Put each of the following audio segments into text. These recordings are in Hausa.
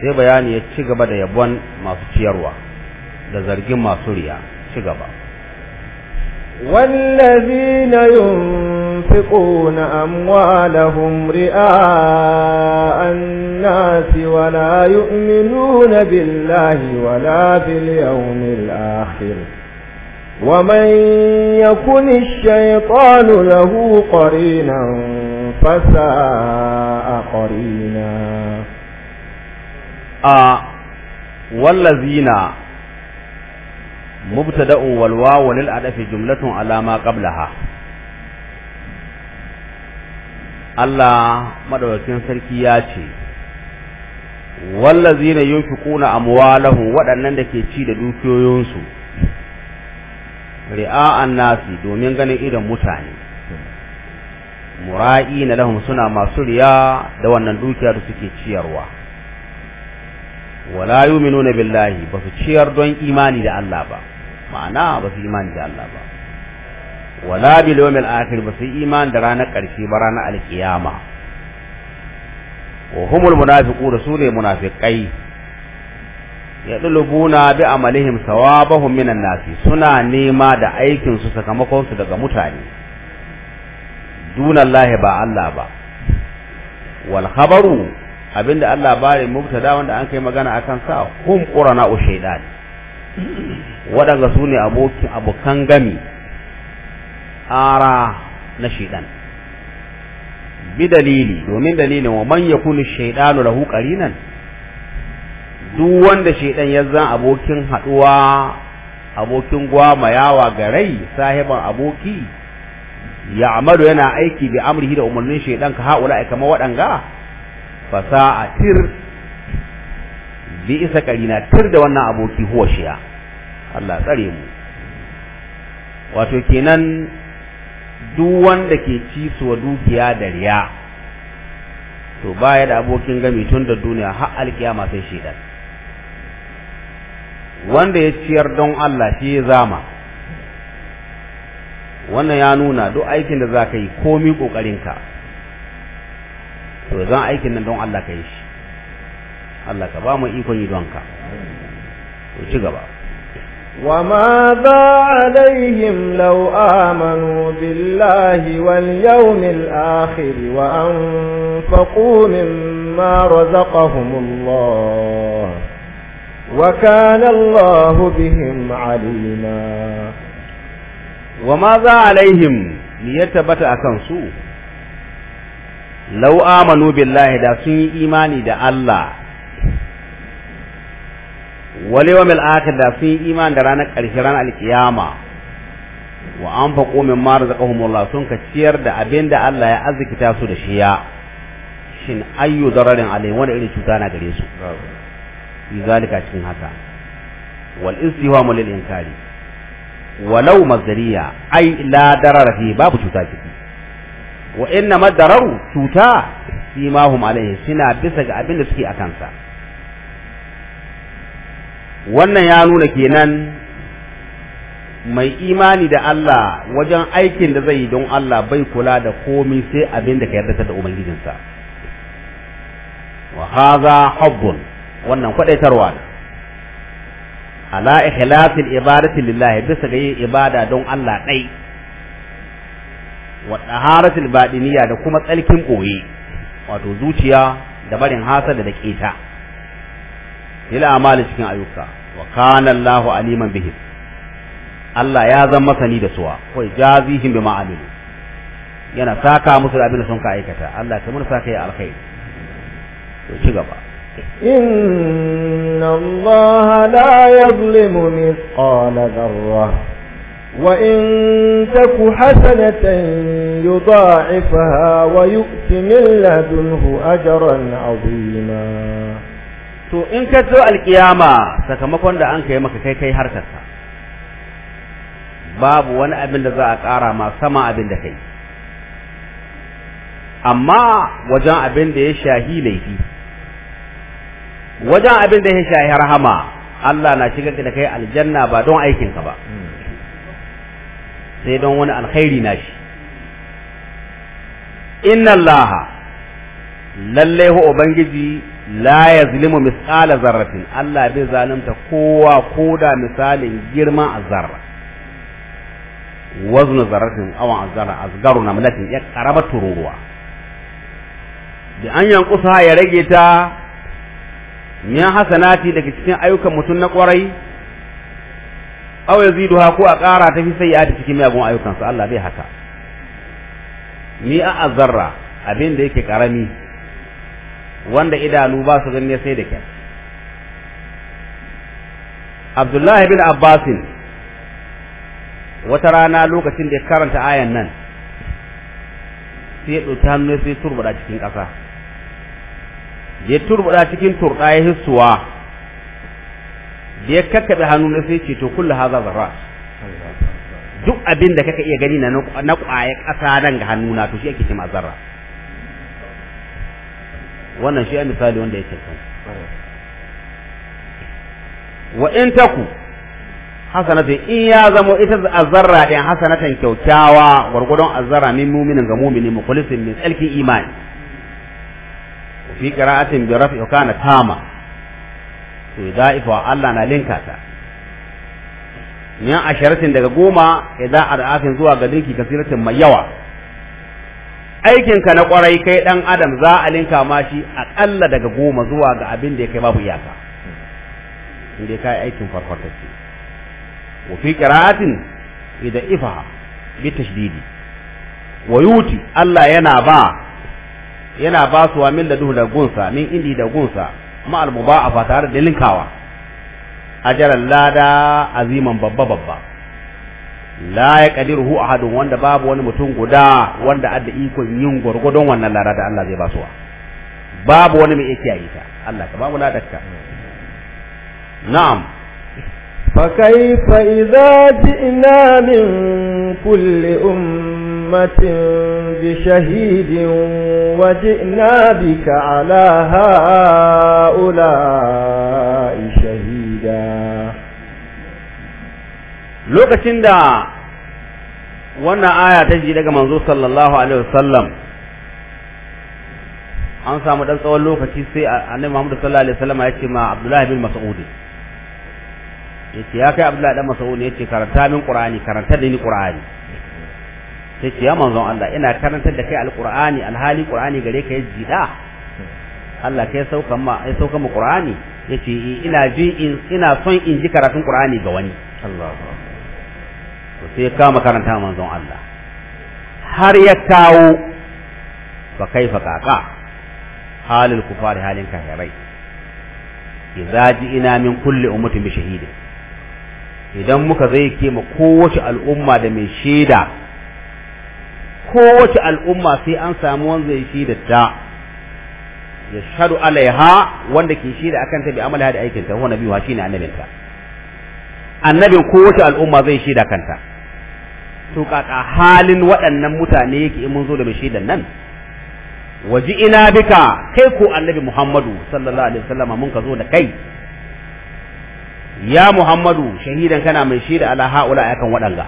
sai bayani ya ci gaba da yabon masu ciyarwa da zargin masu riya ci gaba wallazina yunfiquna amwalahum ri'a an-nasi wa la nuna billahi wa la bil yawmil akhir ومن يكن الشيطان له قرينا فساء قرينا a wallazina mubtada'un wal wawu lil adafi jumlatun ala ma qablaha Allah madaukakin sarki ya ce wallazina yunfiquna amwalahu waɗannan da ke ci da dukiyoyinsu ri'a'an nasi domin ganin irin mutane mura'ina lahum suna masu riya da wannan dukiya da suke ciyarwa wala yu'minuna billahi ba su ciyar don imani da Allah ba ma'ana ba su imani da Allah ba wala bil yawmil akhir ba su imani da ranar karshe ba ranar alkiyama wa humul munafiquna sune munafiqai yadlubuna bi amalihim sawabahum minan nasi suna nema da aikin su sakamakon su daga mutane dunallahi ba Allah ba wal khabaru abinda Allah bare mubtada wanda an kai magana akan sa hum qurana u shaytan wadanga su ne abukan gami ara na shaytan bi dalili domin dalilin wa man yakunu shaytanu lahu qarinan duk wanda shaytan ya zan abokin haduwa abokin gwama yawa garai sahiban aboki ya yana aiki bi amrihi da umarnin shaytan ka haula kamar waɗanga fasa'a tir bi isa karina tir da wannan aboki huwa shiya Allah tsare mu wato kenan duk wanda ke ci suwa dukiya da riya to baya da abokin gami tun da duniya har alkiyama sai shedan wanda ya ciyar don Allah shi ya zama wannan ya nuna duk aikin da za ka yi komi ka. to zan aikin nan don Allah ka yi shi Allah ka ba mu ikon yi don ka to ci gaba وماذا عليهم لو آمنوا بالله واليوم الآخر وأنفقوا مما رزقهم الله وكان الله بهم عليما وماذا عليهم ليتبت أكنسوه lau amanu billahi da sun yi imani da Allah wale wa mil akhir da sun yi imani da ranar ƙarshe ranar alkiyama wa an faƙo min mara zaƙa razaqahumullah sun ka ciyar da abin da Allah ya arzikita su da shi ya shin ayyu zararin alai wani irin cuta na gare su fi zalika cikin haka wal istihwamu lil inkari walau mazariya ai la darara fi babu cuta ciki wa inna madararu cuta fi ma alaihi suna bisa ga abin da suke a kansa wannan ya nuna kenan mai imani da Allah wajen aikin da zai yi don Allah bai kula da komi sai abin da ka yarda da ubangijinsa wa hadha hubbun wannan kwadaitarwa ne ala ikhlasil ibadati lillahi bisa ga yin ibada don Allah dai wa taharatul badiniya da kuma tsalkin boye wato zuciya da barin hasada da ta ila amali cikin ayyuka wa kana Allahu aliman bihim Allah ya zama masani da suwa kai jazihim bi ma'amilu yana saka musu abin da sun ka aikata Allah ta mun saka ya alkhairi to ci gaba inna Allah la yuzlimu mithqala dharrah وإن تك حسنة يضاعفها ويؤت من لدنه أجرا عظيما to in ka zo alkiyama sakamakon da an kai maka kai kai harkar ka, babu wani abin da za a ƙara ma sama abin da kai amma wajen abin da ya shahi laifi wajen abin da ya shahi rahama Allah na shiga da kai aljanna ba don aikinka ba sai don wani alkhairi na shi inna allaha lalle hu ubangiji la yazlimu misqala zarratin Allah bai zalunta kowa koda misalin girma a zarra waznu zarratin awan azara asgaru namlatin ya karaba tururuwa da an yankusa ya rage ta min hasanati daga cikin ayyukan mutum na kwarai aw yaziduha ko a ƙara ta fi sayyi'ati cikin miyagun ayyukansa Allah bai haka ni a azarra abin da yake karami wanda idanu ba su ganin sai da kyau Abdullahi bin Abbasin wata rana lokacin da ya karanta ayan nan sai ya ɗauki hannu sai turbuɗa cikin ƙasa ya turbada cikin turɗa ya hissuwa da ya kakkaɓe hannu na sai ce to kullu haza zarra duk abin da kaka iya gani na na ƙwaye ƙasa nan ga hannu na to shi ake cewa zarra wannan shi misali wanda yake kan wa in taku hasanatan in ya zamo ita azzarra din hasanatan kyaukyawa gurgudun azzarra min mu'minin ga mu'mini mukhlisin min tsalkin imani fi qira'atin bi raf'i kana tama to ifa Allah na linka ta min asharatin daga goma idan arafin zuwa ga dinki kasiratin mai yawa aikin ka na kwarai kai dan adam za a linka ma shi akalla daga goma zuwa ga abin da ya kai babu iyaka inda kai aikin ce wa fi qira'atin idan ifa bi tashdidi wa yuti Allah yana ba yana ba su wa min laduhu da gunsa min indi da gunsa ma'al muba'afa tare da linkawa ajaran lada aziman babba babba la ya kadiruhu ahadun wanda babu wani mutum guda wanda adda ikon yin gwargwadon wannan lada da Allah zai ba su babu wani mai iya yi ta Allah ka babu ladarka na'am fa kayfa idza ji'na min kulli umma أمة بشهيد وجئنا بك على هؤلاء شهيدا لوكتين دا wannan aya ta ji daga manzo sallallahu alaihi wasallam an samu dan tsawon lokaci sai annabi Muhammad sallallahu alaihi wasallam ya ce ma Abdullah bin Mas'ud ya kai Abdullah dan Mas'ud yace karanta min Qur'ani karanta da ni Qur'ani sai ce ya manzon Allah ina karantar da kai alqur'ani alhali qur'ani gare ka yaji da Allah kai sauka ma ai sauka mu qur'ani yace eh, ina ji ina son in ji karatun qur'ani ga wani Allahu akbar sai kama karanta manzon Allah har ya kawo fa kaifa kaka halil kufar halin kafirai idza ina min kulli ummatin bi shahidin idan muka zai ke ma kowace al'umma da mai shaida kowace al'umma sai an samu wanda ya shi da ta ya shaɗu alaiha wanda ke shi da akan ta amala da aikinta wanda biyu shi ne annabinta annabin kowace al'umma zai shi da kanta to kaka halin waɗannan mutane yake in mun zo da mai shaidan nan waji ina bika kai ko annabi muhammadu sallallahu alaihi wasallama mun ka zo da kai ya muhammadu shahidan kana mai shaida ala haula akan waɗanga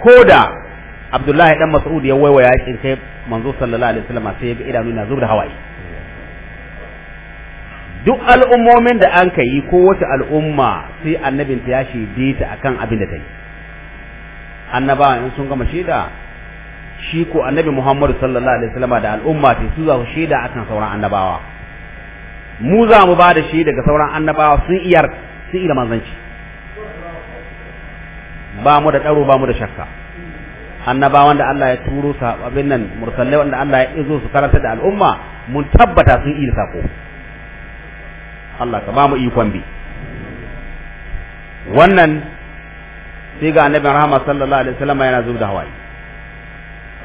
ko da abdullahi dan mas'ud ya waiwaya ya kirkai manzo sallallahu alaihi wasallam sai ya ga idanu na zubda hawaye duk al'ummomin da an kai ko wata al'umma sai annabin ta ya shaide ta akan abin da ta yi annabawa in sun gama shaida shi ko annabi Muhammadu sallallahu alaihi wasallam da al'umma ta su za su shaida akan sauran annabawa mu za mu ba da shaida ga sauran annabawa sun iyar sun iya manzanci ba mu da tsaro ba mu da shakka annabawan da Allah ya turo sa abin nan mursalai wanda Allah ya izo su karanta da al'umma mun tabbata sun yi sako Allah ka ba mu ikon bi wannan sai ga annabi rahama sallallahu alaihi wasallam yana zuwa da hawaye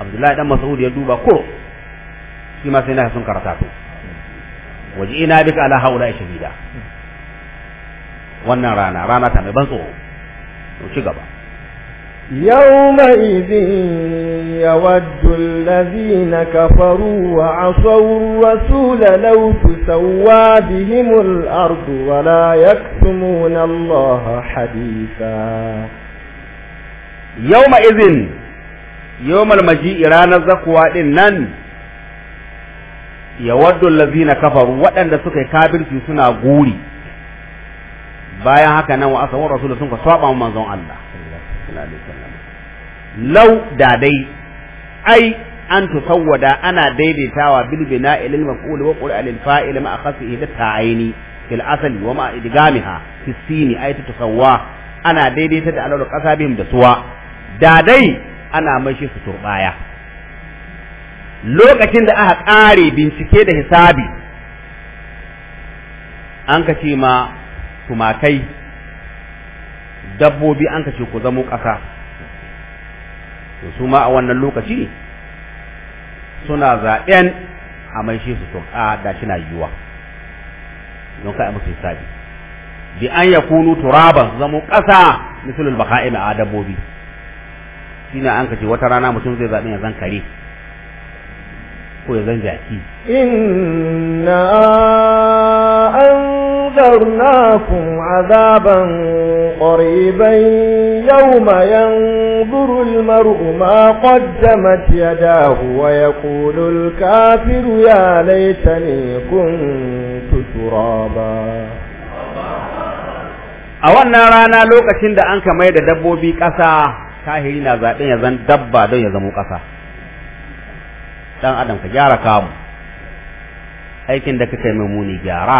Abdullahi dan Mas'ud ya duba ko shi ma sai na sun karata to waje ina bika ala haula shahida wannan rana rana ta mai ban tsoro to ci gaba يومئذ يود الذين كفروا وعصوا الرسول لو تسوى بهم الأرض ولا يكتمون الله حديثا يومئذ يوم المجيء رانا زكوة إنن يود الذين كفروا وأن سكي كابر في سنة غوري bayan haka nan wa asawar rasul sun ka saba manzon Allah sallallahu alaihi lau da dai ai an tusawwada ana daidaitawa bil bina'i lil maf'ul wa qur'a lil fa'il ma akhasihi da ta'ayni fil asli wa ma idgamiha fi sini ana daidaita da alal qasabihim da suwa da dai ana mashi su turbaya lokacin da aka kare bincike da hisabi an ka ce ma tumakai dabbobi an ka ce ku zamo ƙasa to su ma a wannan lokaci suna zaɓen a mai shi su sun a da shi na yiwuwa don yi musu hisabi bi an ya kunu turaban zamo ƙasa misalul baka'im a dabbobi shine an kace wata rana mutum zai zaɓi ya zan kare ko ya zan jaki inna anzarnakum azaban قريبا يوم ينظر المرء ما قدمت يداه ويقول الكافر يا ليتني كنت ترابا a wannan rana lokacin da an kamar da dabbobi ƙasa tahiri na zaɓen ya zan dabba don ya zamo ƙasa ɗan adam ka gyara kamu aikin da kake mai muni gyara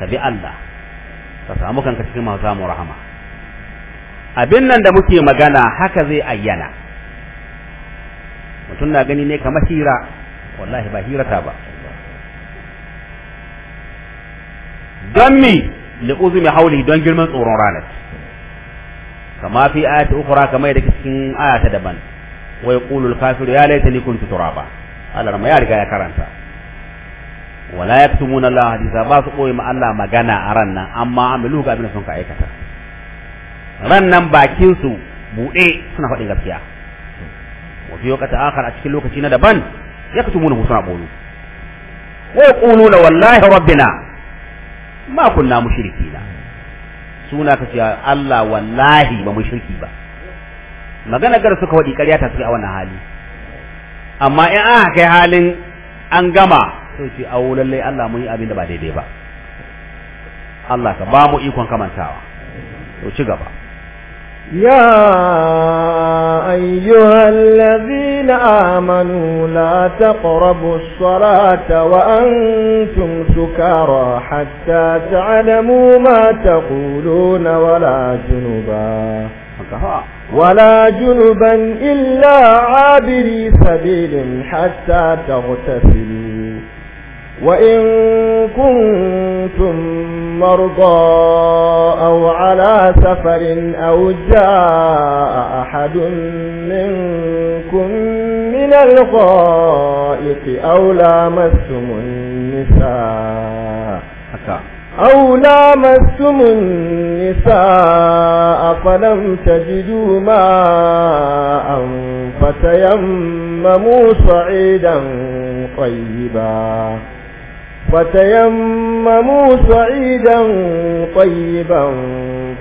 ka bi Allah ka samu kanka cikin masu samun rahama abin nan da muke magana haka zai ayyana mutum na gani ne kamar hira wallahi ba hirata ba don mi da uzumi hauli don girman tsoron ranar kama fi ayata ukura kamar da cikin ayata daban wai kulul kafiru ya laita ni kuntu turaba Allah ya riga ya karanta wala yaktumuna Allah hadisa ba su koyi ma Allah magana a ran nan amma amilu ga abin sun ka aikata ran nan bakin su bude suna faɗin gaskiya wa fi waqti akhar a cikin lokaci na daban yaktumuna suna boyo wa yaquluna wallahi rabbina ma kunna mushrikina suna kace Allah wallahi ba mushriki ba magana gar suka wadi ƙarya ta suke a wannan hali amma in aka kai halin an gama sai ce awo lalle Allah mun yi abin da ba daidai ba Allah ka ba mu ikon kamantawa to ci gaba يا أيها الذين آمنوا لا تقربوا الصلاة وأنتم سكارى حتى تعلموا ما تقولون ولا جنبا ولا جنبا إلا عابري سبيل حتى تغتسلوا وإن كنتم مرضى أو على سفر أو جاء أحد منكم من الغائط أو لامستم النساء أو لامستم النساء فلم تجدوا ماء فتيمموا صعيدا طيبا فتيمموا صعيدا طيبا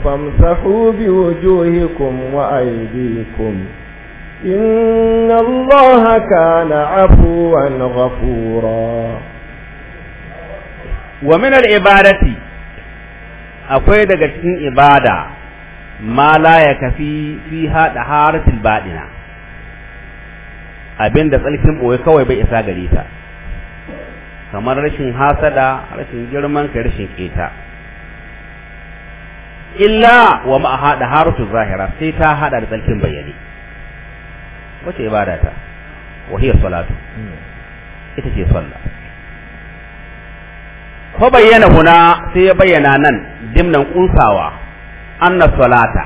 فامسحوا بوجوهكم وأيديكم إن الله كان عفوا غفورا ومن العبادة akwai daga cikin ibada ma la fi haɗa haratul baɗina abinda tsarkin ɓoye kawai bai isa gare ta kamar rashin hasada rashin girman ka rashin keta illa wa ma hada harutu zahira sai ta hada da tsalkin bayani wace ibada ta wa hiya salatu ita ce sallah ko bayyana huna sai ya bayyana nan dimnan kunsawa anna salata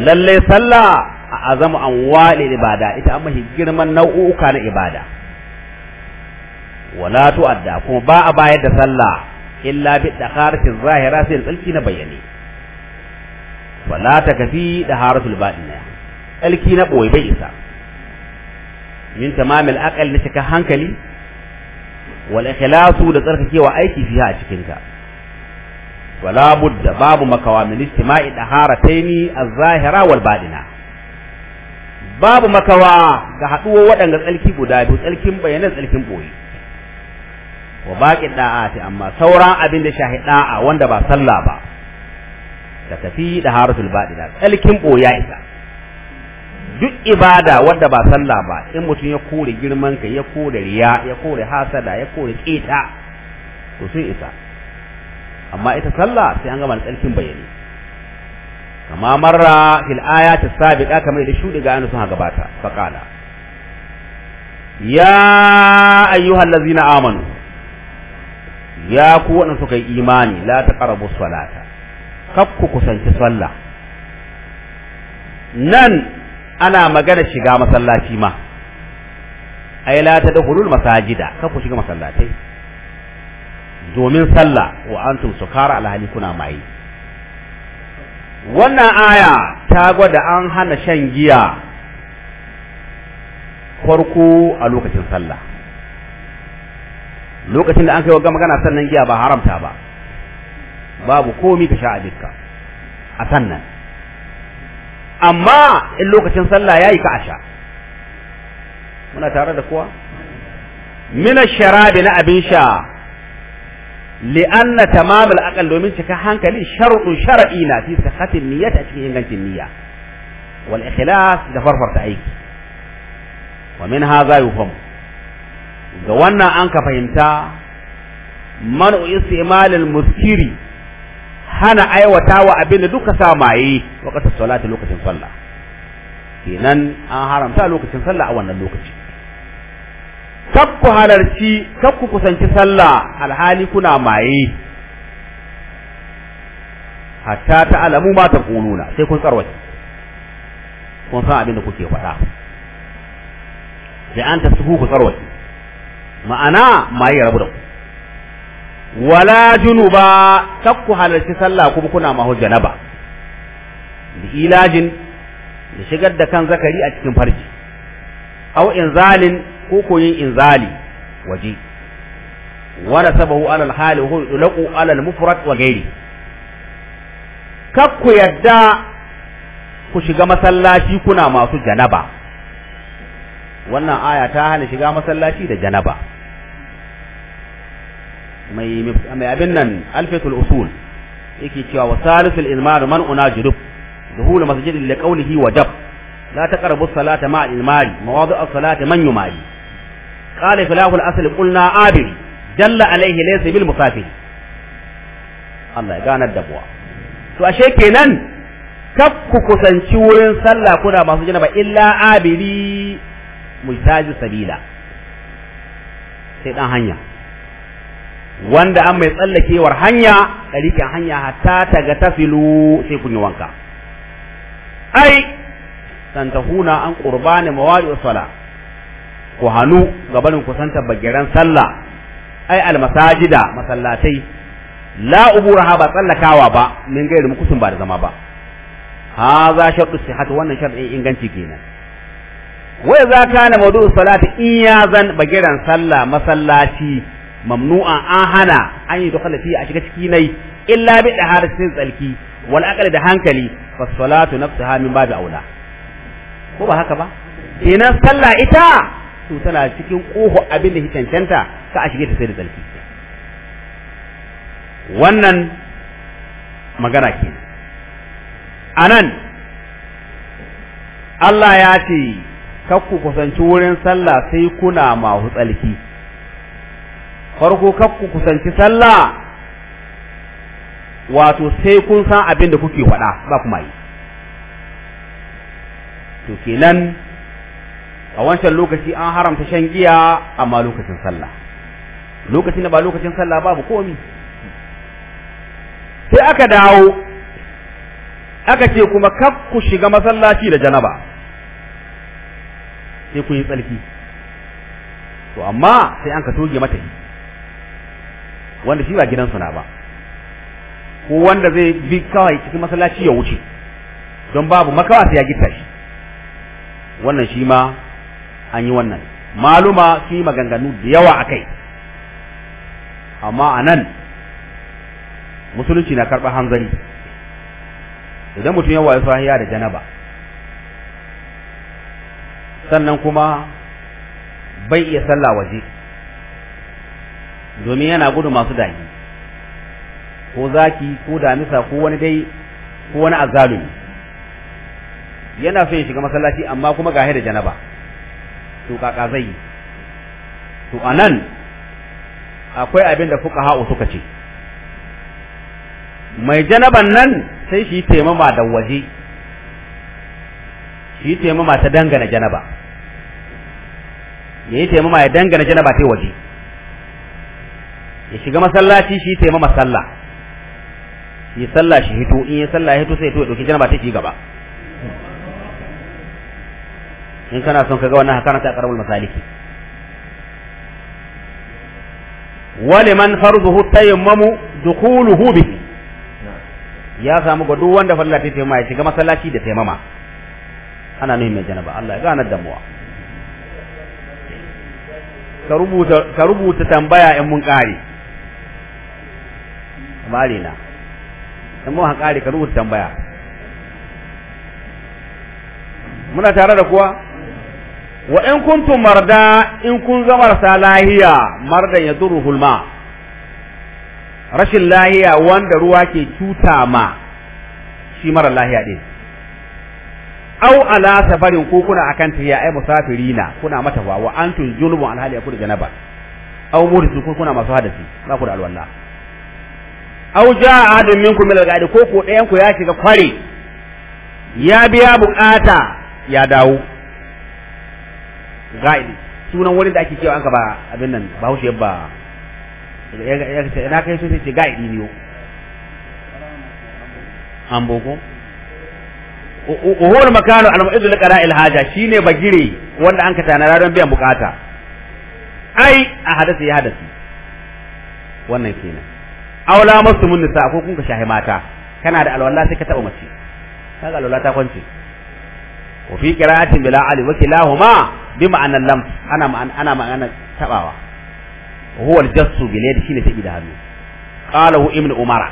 lalle sallah a azamu an wali ibada ita amma girman nau'uka na ibada wala tu'adda ko ba a bayar da sallah illa bi dakharati zahira sai tsalki na bayyane wala takfi daharatul batina tsalki na boye bai isa min tamamil aqal na cika hankali wal ikhlasu da tsarkakewa aiki fiha a cikin ka wala budda babu makawa min istima'i daharataini az-zahira wal batina babu makawa ga haɗuwar waɗanda tsalki guda biyu tsalkin bayanan tsalkin ɓoye wa ɗa'a da'ati amma sauran abin da shahi da'a wanda ba sallah ba da tafi da haratul badila tsalkin ɓoya isa duk ibada wanda ba sallah ba in mutum ya kore girman ka ya kore riya ya kore hasada ya kore ƙeta to sun isa amma ita sallah sai an gama tsalkin bayani kama marra fil ayati sabiqa kamar da shuɗi ga annabi sun gabata faqala ya ayyuhallazina amanu ya ku waɗanda suka yi imani la ƙarabu salata kaf ku kusanci sallah nan ana magana shiga masallaci ma ai la tadkhulul masajida kaf ku shiga masallatai domin sallah wa antum sukara alhali kuna mai wannan aya ta gwada an hana shan giya farko a lokacin sallah lokacin da an kai wa magana sannan giya ba haramta ba babu komi ka sha abinka a sannan amma in lokacin sallah yayi ka asha muna tare da kowa mina sharabi na abin sha li'anna tamam al-aql domin cika hankali sharuɗu shar'i na fi sihhatin niyyat a cikin ingancin niyya wal ikhlas da farfarta aiki wa min hadha yufhamu ga wannan an ka fahimta man'u istimalil muskiri hana aiwata wa abin da duka sa maye wakatar salati lokacin sallah kenan an haramta lokacin sallah a wannan lokaci kakku halarci kakku kusanci sallah alhali kuna maye hatta ta alamu ma ta kununa sai kun tsarwace kun san abin da kuke faɗa sai an ta suhu ku tsarwace ma'ana ma ya rabu da wala junuba takku halarci sallah kuma kuna mahu janaba da ilajin da shigar da kan zakari a cikin farji aw inzalin ko koyin inzali waje wala sabahu ala alhali wa yulaqu ala almufrad wa ghairi kakku yadda ku shiga masallaci kuna masu janaba wannan aya ta hana shiga masallaci da janaba mai abin nan alfatul usul yake cewa wa salisul ilmar man jurub duhul masjid li qawlihi wajab la taqrabu salata ma ilmari mawadi' as-salati man yumari qala filahul asl qulna abir jalla alayhi laysa bil musafir Allah ya ganar da buwa to ashe kenan kaf ku kusanci wurin sallah kuna masu janaba illa abiri mujtaji sabila sai dan hanya wanda an mai tsallakewar hanya ɗariƙin hanya hatta ta ga tafilu sai kun yi wanka ai huna an qurbani mawadi sala ku hanu gabanin kusanta bagiran sallah ai da masallatai la uburaha ba tsallakawa ba min gairi mukusun ba da zama ba hadha shartu sihhat wannan in inganci kenan wai za kana mawdu'u salati in ya zan bagiran sallah masallaci Mamnu'a an hana an yi dukkan fi a shiga ciki nai illa bi dahara sai tsalki wal aqli da hankali fa salatu nafsaha min babi aula ko ba haka ba kenan sallah ita to tana cikin abin da cancanta ka a sai da tsalki wannan magana ke anan Allah ya ce kakku kusanci wurin sallah sai kuna mahu tsalki farko kakku kusanci sallah wato sai kun san abin da kuke faɗa ba kuma yi to kenan a wancan lokaci an haramta shan giya amma lokacin sallah lokacin da ba lokacin sallah babu komi sai aka dawo aka ce kuma ku shiga masallaci da janaba sai ku yi tsarki to amma sai an ka toge mata wanda shi ba gidansu na ba ko wanda zai bi kawai cikin masallaci ya wuce don babu makawa sai ya gita shi wannan shi ma an yi wannan maluma su yi maganganu da yawa a kai amma a nan musulunci na karɓar hanzari idan mutum ya wayo sahiya da janaba sannan kuma bai iya sallah waje domin yana gudu masu dagi ko zaki ko damisa ko wani dai ko wani azalumi yana son ya shiga masallaci amma kuma ga da janaba to kaka zai to anan akwai abin da fuka ha'u suka ce mai janaban nan sai shi taimama da waje shi taimama ta dangana janaba ya yi taimama ya dangana janaba ta waje ya shiga masallaci shi ta yi ma sallah shi sallah shi hito in yi sallah hito sai ya ɗauki janaba ta ci gaba in kana son ka ga wannan hakana ta karamul masaliki waliman farzuhu tayammamu dukhuluhu bihi ya samu ga duk wanda falla ta taimama ya shiga masallaci da taimama ana nuhin mai janaba Allah ya gane damuwa ka rubuta tambaya in mun kare bare na in mun haƙa ka rubuta tambaya muna tare da kuwa wa in kuntum marda in kun zama rasa lahiya mardan ya hulma rashin lahiya wanda ruwa ke cuta ma shi mara lahiya ɗin au ala safarin ko kuna akan tiya ai na kuna mata wa antum junubun alhali ya kudu janaba au murisu ko kuna masu hadasi ba ku da alwala aw jaa adam minku mil al-gadi ko ko dayan ku ya shiga kware ya biya bukata ya dawo gaidi sunan wani da ake cewa an gaba abin nan ba hushe ba na kai so sai ce gaidi ne yo an boko uhur makanu al-mu'izzul qara'il haja shine bagire wanda an ka tanara don biyan bukata ai a hadasi ya hadasi wannan kenan aula masu mun nisa ko kun ka shahi mata kana da alwala sai ka taba mace kaga alwala ta kwance wa fi qira'atin bila ali wa kilahuma bi ma'anan lam ana ma'an ana ma'ana tabawa huwa al-jassu bil yadi shine tabi da hannu qala hu ibnu Umar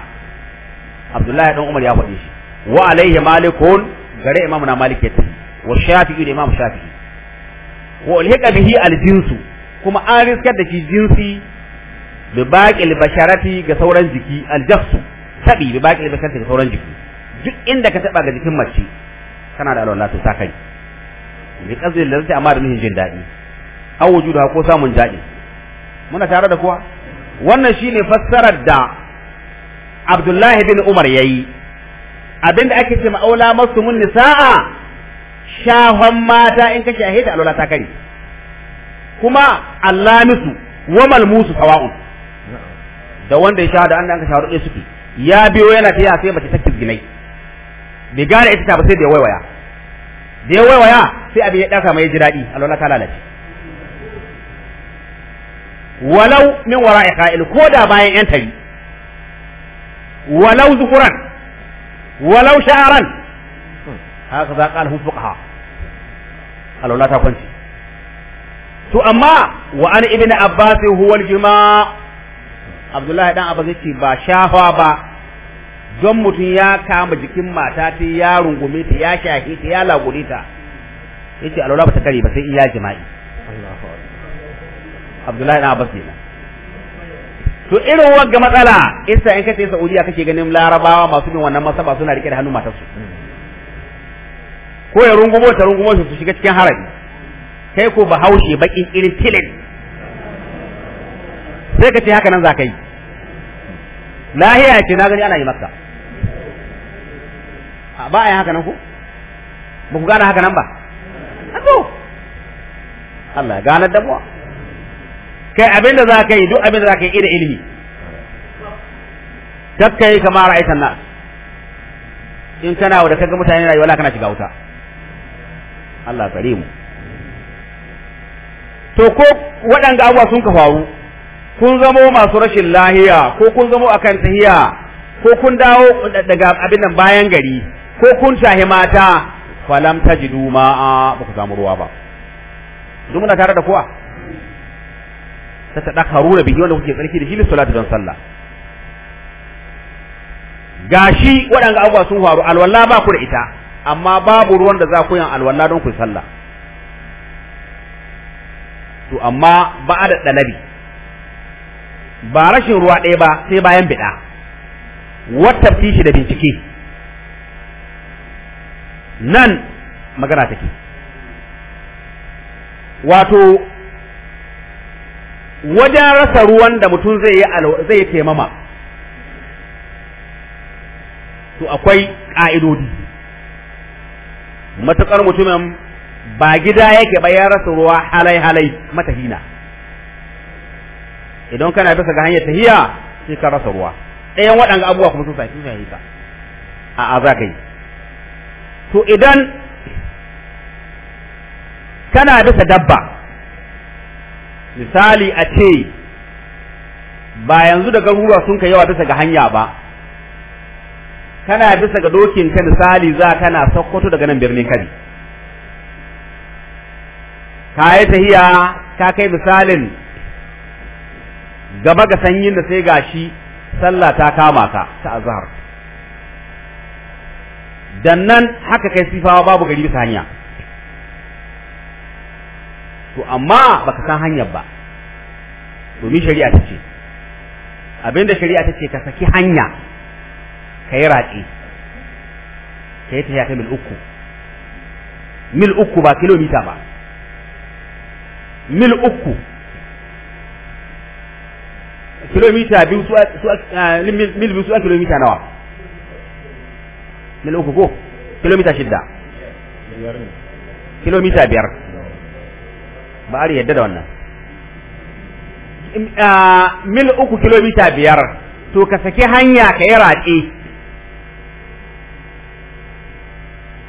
abdullahi dan umar ya faɗi shi wa alayhi malikun gare imamu na malik wa shafi'i da imamu shafi'i wa ulhiqa bihi al-jinsu kuma an riskar da shi jinsi bi baqil basharati ga sauran jiki aljassu tabi bi baqil basharati ga sauran jiki duk inda ka taba ga jikin mace kana da alwala to sakai bi qazil lazati amma da mihin jin dadi aw wujuda ko samun jadi muna tare da kowa wannan shine fassarar da Abdullahi bin Umar yayi abinda ake ce ma'aula masumun nisa'a shahon mata in ka shahe ta alwala ta kare kuma allamisu wa malmusu sawa'un da wanda ya shahada an da anka shaharu suke ya biyo yana ta sai mace ta kizginai bai gane ita ta ba sai da ya waiwaya da ya waiwaya sai abin ya ɗaka mai ji daɗi alwala ta lalace walau min wara'i qa'il ko da bayan yan tari walau zukuran walau sha'aran haka za ka qala fuqaha alwala ta kwanci to amma wa an ibn abbas huwa al-jima' abdullahi dan zai ce ba shafa ba don mutum ya kama jikin mata ta ya rungume ta ya shahi ta ya lagune ta yace ba ta kare ba sai iya jima'i abdullahi dan abu kenan to irin wagga matsala isa in kace saudiya kake ganin larabawa masu bin wannan masaba suna rike da hannun matarsu hmm. ko ya rungumo ta rungumo shi su shiga cikin harami kai ko ba haushe bakin irin tilin sai ka ce haka nan za ka yi lahiya ce na gani ana yi maka ba a yi haka nan ku ba ku gane haka nan ba Allah ya gane da mu kai abinda za ka yi duk abinda za ka yi da ilimi takka yi kamar ra'aitan nas in kana da kaga mutane rayuwa la kana shiga wuta Allah kare mu to ko waɗanda abuwa sun ka faru kun zamo masu rashin lahiya ko kun zamo akan tahiya ko kun dawo daga abin nan bayan gari ko kun tahi mata falam tajidu ma'a ba ku samu ruwa ba duk muna tare da kowa ta ta dakharu da bihi wanda kuke tsarki da shi ne salatu don sallah gashi waɗanda abubuwa sun faru alwala ba ku da ita amma babu ruwan da za ku yin alwala don ku sallah to amma ba da dalabi ba rashin ruwa ɗaya ba sai bayan biɗa. wata shi da bincike nan magana take wato wajen rasa ruwan da mutum zai yi taimama to akwai ƙa'idodi matuƙar mutumin ba gida yake bayan rasa ruwa halai-halai matahina idan kana bisa ga hanyar tahiya sai ka rasa ruwa ɗayan waɗanga abubuwa kuma sun saki sai ka a a za ka yi to idan kana bisa dabba misali a ce ba yanzu da garuruwa sun ka yawa bisa ga hanya ba kana bisa ga dokin ka misali za kana sokoto daga nan birnin kabi ka yi tahiya ka kai misalin gaba ga sanyin da sai gashi sallah ta kama ka ta azhar dan nan haka kai sifawa babu gari bisa hanya to amma baka san hanyar ba domin shari'a ta ce abinda shari'a ta ce ka saki hanya ka yi raƙe ka yi tafiya ta mil uku mil uku ba kilomita ba mil uku kilomita biyu su mil biyu su a kilomita nawa mil uku ko kilomita shidda kilomita biyar ba a yadda da wannan mil uku kilomita biyar to ka saki hanya ka yi raƙe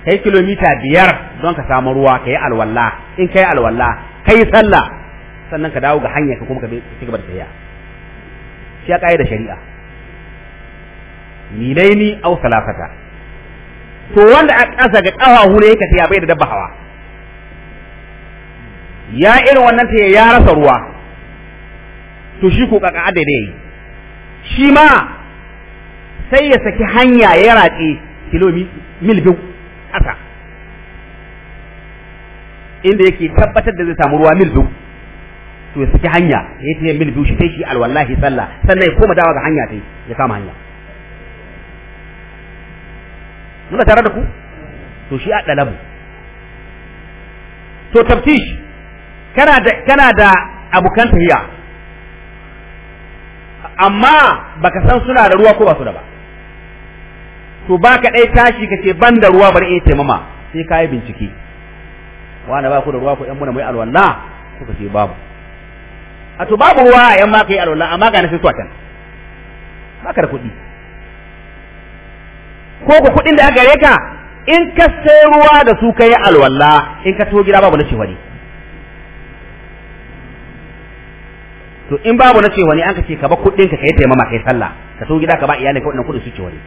ka yi kilomita biyar don ka samu ruwa ka yi alwallah in ka yi alwallah ka yi sallah sannan ka dawo ga hanya ka kuma ka ci gaba da tafiya shi ya da shari'a milaini au salafata to wanda a ƙasa ga ƙafa hure yake ta bai da dabba hawa ya irin wannan ta ya rasa ruwa to shi ko kaka da yi shi ma sai ya saki hanya ya ratse kilomi mil biyu ƙasa inda yake tabbatar da zai samu ruwa mil biyu to ya saki hanya ya yi mil biyu shi sai shi alwallahi sallah sannan ya koma dawa ga hanya ta ya kama hanya muna tare da ku to shi a ɗalabu to tabtish kana da da abokan tafiya amma baka san suna da ruwa ko ba su da ba to ka ɗai tashi ka ce ban da ruwa bari in taimama sai ka yi bincike wanda ba ku da ruwa ko ‘yan muna mai alwallah kuka ce babu a to babu ruwa a yamma kai alwala amma ga na sai suwatan baka da kuɗi ko ku kuɗin da aka gare ka in ka sai ruwa da su ka yi alwala in ka to gida babu na cewa ne to in babu na cewa ne an ka ce ka ba kuɗin ka kai taimama kai sallah ka to gida ka ba iyalin ka wannan kuɗin su cewa ne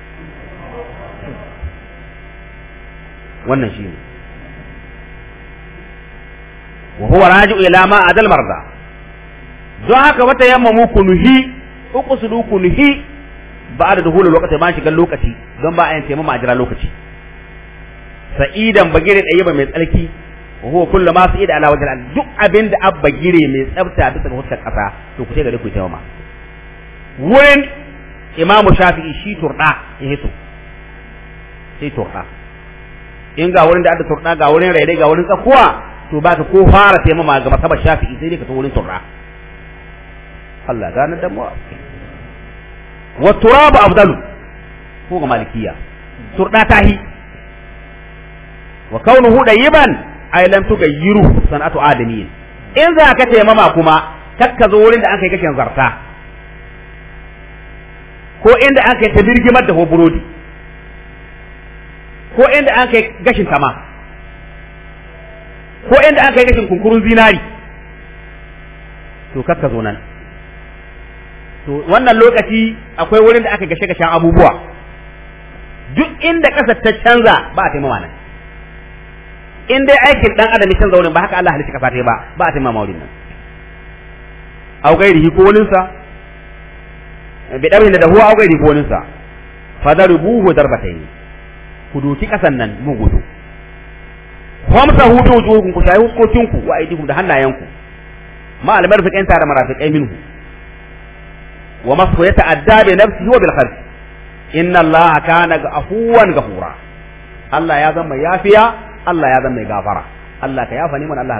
wannan shine wa huwa raji'u ila ma adal marda don haka wata yamma mu kunuhi uku su du kunuhi ba da duhulul lokaci ba shigan lokaci don ba a yin taimama a jira lokaci sa'idan bagire da yaba mai tsarki wa huwa kullu ma sa'ida ala al duk abin da abba gire mai tsafta bisa ga huskar kasa to ku gare ku taimama wurin imam shafi'i shi turda ya hito sai turda in ga wurin da aka turda ga wurin raidai ga wurin tsakuwa to ba ka ko fara taimama ga masaba shafi'i sai dai ka to wurin turda Allah gane da mu wa turabu afdalu ko ga malikiya turda tahi wa kaunuhu dayiban ay lam tugayyiru sanatu adamin in za ka ce mama kuma kakka zo wurin da an kai kashin zarta ko inda an kai ta birgimar da burodi ko inda an kai gashin tama ko inda an kai gashin kunkurun zinari to kakka zo nan to wannan lokaci akwai wurin da aka gashe gashen abubuwa duk inda ƙasar ta canza ba a taimawa nan in dai aikin dan adam ya canza wurin ba haka Allah halitta kafa ta ba ba a taimawa wurin nan au gairihi ko wurin sa bi dabin da huwa au gairi ko wurin sa fadarubuhu darbatayn ku doki kasan nan mu gudu famsa hudu wujuhukum ku shayi hukuncinku wa aidikum da hannayenku ma almarfiqin tare marafiqai minhu wa masu ya ta'adda bi nafsihi wa bil kharf inna Allah kana afuwan ghafura Allah ya zama yafiya Allah ya zama gafara Allah ka yafa ni mun Allah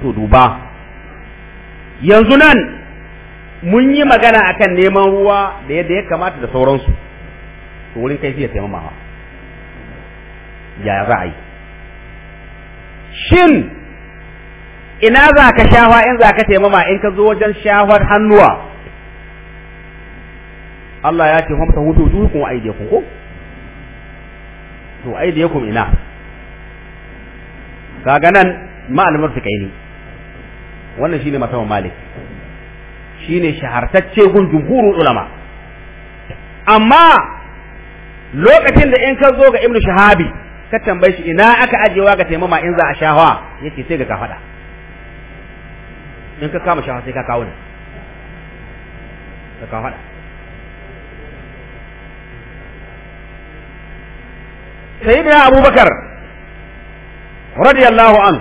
duba yanzu nan mun yi magana akan neman ruwa da yadda ya kamata da sauransu to wurin kai fiye taimamawa yaya za a yi shin ina za ka shafa in za ka taimama in ka zo wajen shafar hannuwa Allah ya ce famta hudu dukum wa aydiyakum ko to aydiyakum ina kaga nan ma'almar su kai ne wannan shine matawa malik shine shahartacce gun jumhurul ulama amma lokacin da in ka zo ga ibnu shahabi ka tambaye shi ina aka ajewa ga taimama in za a shahawa yake sai ga ka faɗa in ka kama shahawa sai ka kawo ne ka kawo faɗa sayyidina abubakar radiyallahu an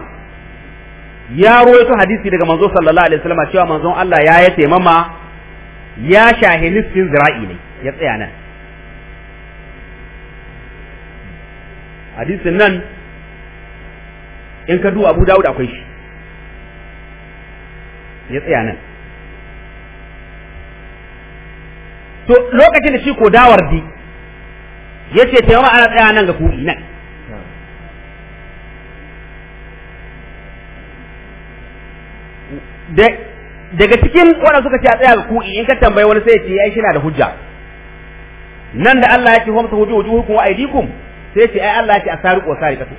ya rawaito hadisi daga manzo sallallahu alaihi wasallam cewa manzon Allah ya yi taimama ya shahi nisfin zira'i ne ya tsaya nan hadisin nan in ka duba Abu Dawud akwai shi ya tsaya nan to lokacin da shi ko dawar di yace tayammum ana tsaya nan ga kuɗi nan daga cikin waɗanda suka ce a tsaya ga kuɗi in ka tambayi wani sai ya ce ai shi na da hujja nan da Allah ya ce wa mutahu wujuhukum wa aidikum sai ya ce ai Allah ya ce asariqu wa sariqatu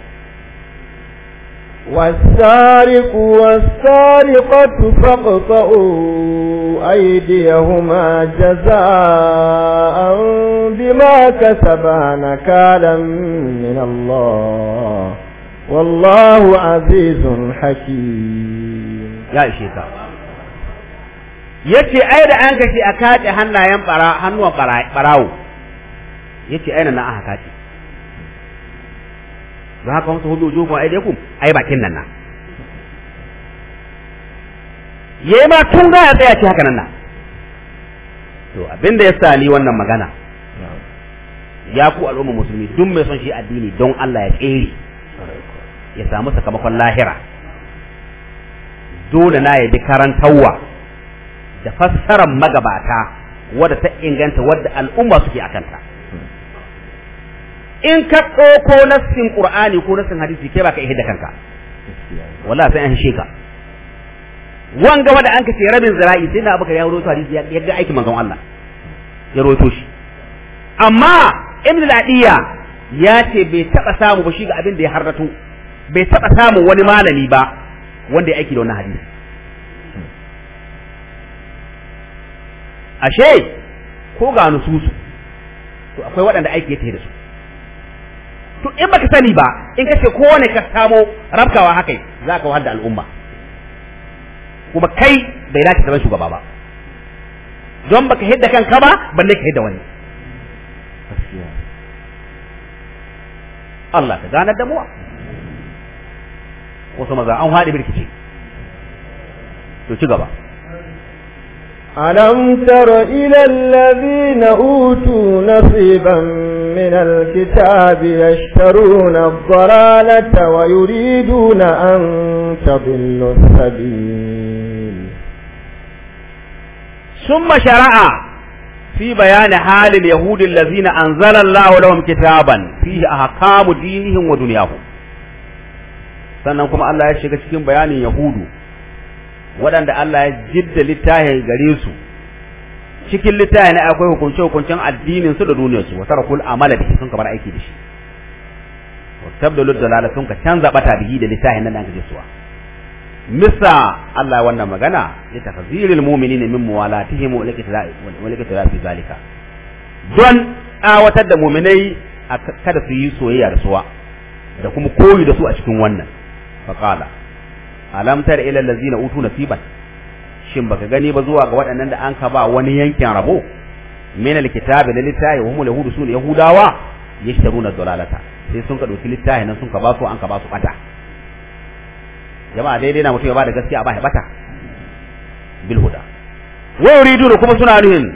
والسارق والسارقة فاقطعوا أيديهما جزاء بما كسبا نكالا من الله والله عزيز حكيم يا شيطان yace ai da an kace a kace hannayen bara hannuwan barawo yace ai na an kace Za ka wasu hudu ujuhu kuma ku ai bakin nan na yi ma tun ya tsaya ce haka nan na to abinda ya sa wannan magana ya ku al'umma musulmi duk mai son shi addini don Allah ya tsere ya samu sakamakon lahira dole na ya bi karantarwa da fassarar magabata wadda ta inganta wadda al'umma suke a kanta in ka ɗauko nassin ƙur'ani ko nassin hadisi ka ihe da kanka wallahi sai an sheka wanga wanda an kace rabin zara'i sai na abuka ya rawaito hadisi ya ga aikin manzon Allah ya rawaito shi amma ibn al ya ce bai taba samu ba shi ga abin da ya harrato bai taba samu wani malami ba wanda ya aiki da wannan hadisi ashe ko ga nususu to akwai waɗanda aiki ya tafi da su to in baka sani ba in kace kowane ka samo rabkawa haka za ka wahal al'umma kuma kai bai dace da shugaba ba don baka hidda kanka ba balle ka hidda wani Allah ta ganar da muwa wasu maza an haɗe birkice to ci gaba ألم تر إلى الذين أوتوا نصيبا من الكتاب يشترون الضلالة ويريدون أن تضلوا السبيل ثم شرع في بيان حال اليهود الذين أنزل الله لهم كتابا فيه أحكام دينهم ودنياهم sannan kuma Allah ya shiga cikin bayanin Yahudu waɗanda Allah ya jidda littafin gare su cikin littafi ne akwai hukunce hukuncen addinin su da duniyar su wata rakul amala bihi sun bar aiki da shi tabdalu dalala sun ka canza bata bihi da littafi nan da an kaje suwa misa Allah wannan magana ya mumini ne min muwalatihim wa likitira'i wa likitira'i fi zalika don awatar da mu'minai kada su yi soyayya da suwa da kuma koyi da su a cikin wannan faqala alam tar ila allazina utu nasiban shin baka gani ba zuwa ga waɗannan da an ka ba wani yankin rabo min alkitabi lil litahi wa hum yahudu sun yahudawa yashtaruna dalalata sai sun ka dauki littahi nan sun ka ba su an ka ba su bata jama'a daidai na mutum ya ba da gaskiya ba ya bata bil huda wa yuridu kuma suna nuhin